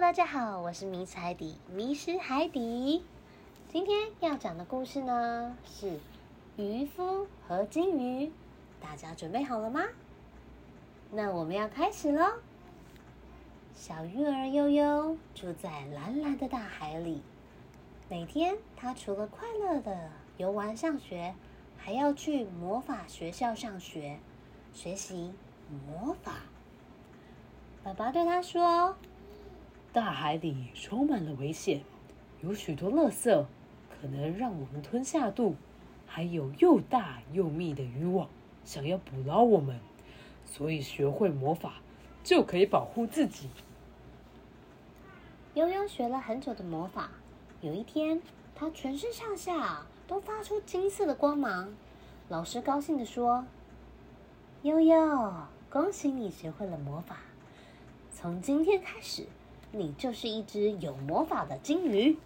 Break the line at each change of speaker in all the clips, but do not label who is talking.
大家好，我是迷彩底迷失海底。今天要講的故事呢，是漁夫和金魚。大家準備好了嗎？那我們要開始嘍。小魚兒悠悠住在藍藍的大海裡，每天他除了快樂地游玩，上學，還要去魔法學校上學，學習魔法。爸爸對他說。大海裡充滿了危險，有許多垃圾可能讓我們吞下肚，還有又大又密的漁網想要捕撈我們，所以學會魔法就可以保護自己。悠悠學了很久的魔法，有一天，他全身上下都發出金色的光芒。老師高興地說：“悠悠，恭喜你學會了魔法，從今天開始。”你就是一隻有魔法的金魚。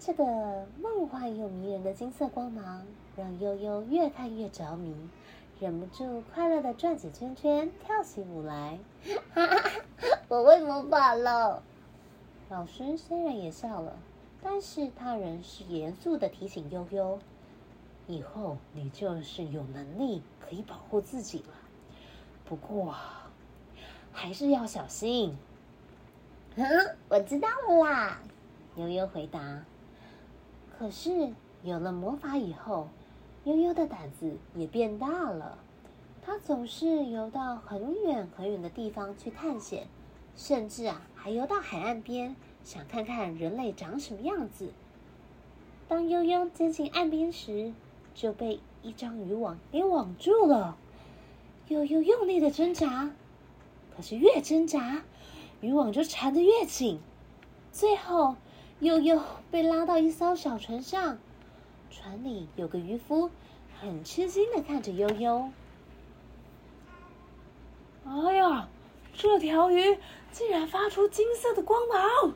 這個夢幻又迷人的金色光芒，讓悠悠越看越着迷，忍不住快樂的轉起圈圈，跳起舞來。 我會魔法了！老師雖然也笑了，但是他仍是嚴肅的提醒悠悠以後你就是有能力可以保護自己了。不過。還是要小心。嗯，我知道了啦。悠悠回答。可是有了魔法以後，悠悠的膽子也變大了。他總是游到很遠很遠的地方去探險，甚至啊，還游到海岸邊，想看看人類長什麼樣子。當悠悠接近岸邊時，就被一張漁網給網住了。悠悠用力的掙扎。可是越掙扎，漁網就纏得越緊。最後，悠悠被拉到一艘小船上，船裡有個漁夫，很吃驚的看着悠悠。哎呀，這條魚竟然發出金色的光芒！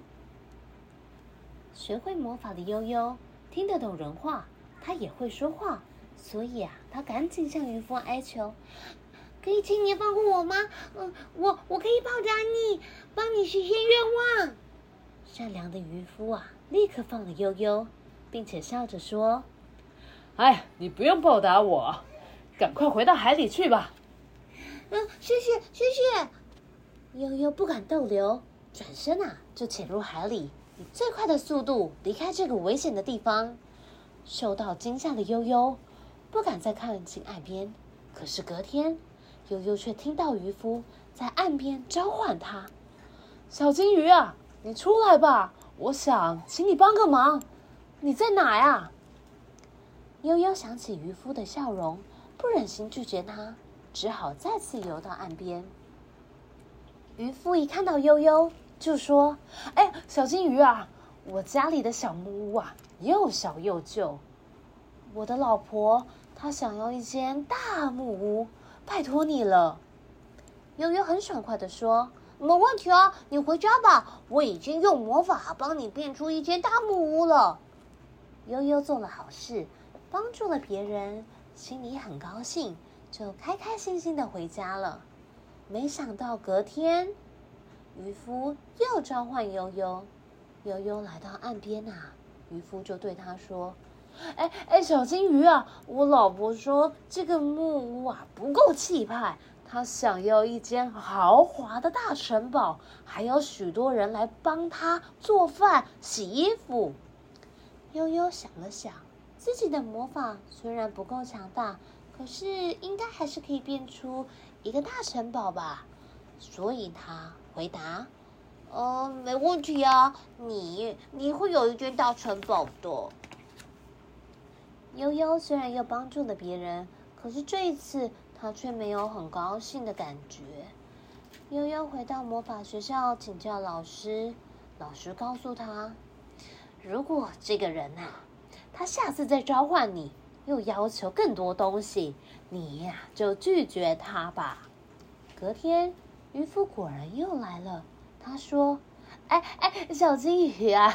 學會魔法的悠悠聽得懂人話，他也會說話，所以啊，他趕緊向漁夫哀求。可以，請你放過我嗎？嗯，我我可以報答你，幫你實現願望。善良的漁夫啊，立刻放了悠悠，並且笑着說：“哎，你不用報答我，趕快回到海裡去吧。”嗯，謝謝，謝謝。悠悠不敢逗留，轉身啊，就潛入海裡，以最快的速度離開這個危險的地方。受到驚嚇的悠悠不敢再靠近岸邊，可是隔天，悠悠卻聽到漁夫在岸邊召喚他：“小金魚啊，你出來吧，我想請你幫個忙。你在哪呀？”悠悠想起漁夫的笑容，不忍心拒絕他，只好再次游到岸邊。漁夫一看到悠悠，就說：“哎，小金魚啊，我家裡的小木屋啊又小又舊，我的老婆她想要一間大木屋。”拜託你了。」悠悠很爽快的說：“沒問題啊，你回家吧，我已經用魔法幫你變出一間大木屋了。”悠悠做了好事，幫助了別人，心裡很高興，就開開心心的回家了。沒想到隔天，漁夫又召喚悠悠，悠悠來到岸邊啊，漁夫就對他說。哎哎，小金魚啊！我老婆說這個木屋啊不夠氣派，她想要一間豪華的大城堡，還有許多人來幫她做飯、洗衣服。悠悠想了想，自己的魔法雖然不夠強大，可是應該還是可以變出一個大城堡吧？所以他回答：“嗯、呃，沒問題啊，你你會有一間大城堡的。”悠悠雖然又幫助了別人，可是這一次他卻沒有很高興的感覺。悠悠回到魔法學校請教老師，老師告訴他，如果這個人吶、啊，他下次再召喚你，又要求更多東西，你呀、啊，就拒絕他吧。隔天，漁夫果然又來了，他說。哎哎，小金魚啊，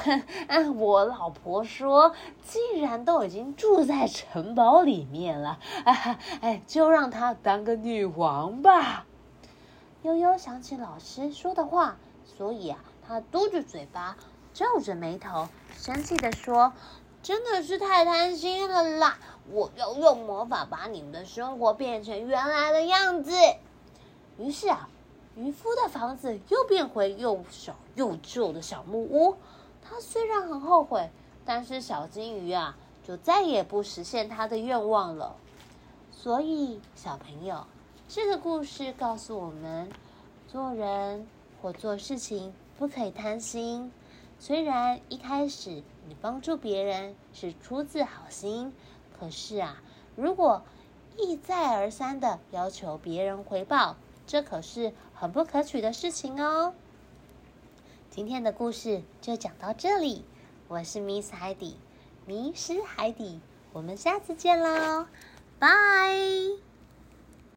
哎，我老婆說，既然都已經住在城堡裡面了哎，哎，就讓她當個女王吧。悠悠想起老師說的話，所以啊，他嘟着嘴巴，皺着眉頭，生氣地說：“真的是太貪心了啦！我要用魔法把你們的生活變成原來的樣子。”於是啊。漁夫的房子又變回又小又舊的小木屋，他雖然很後悔，但是小金魚啊就再也不實現他的願望了。所以小朋友，這個故事告訴我們，做人或做事情不可以貪心。雖然一開始你幫助別人是出自好心，可是啊，如果一再而三的要求別人回報，這可是。很不可取的事情哦。今天的故事就講到這裡，我是 Miss 海底，迷失海底，我們下次見嘍，拜。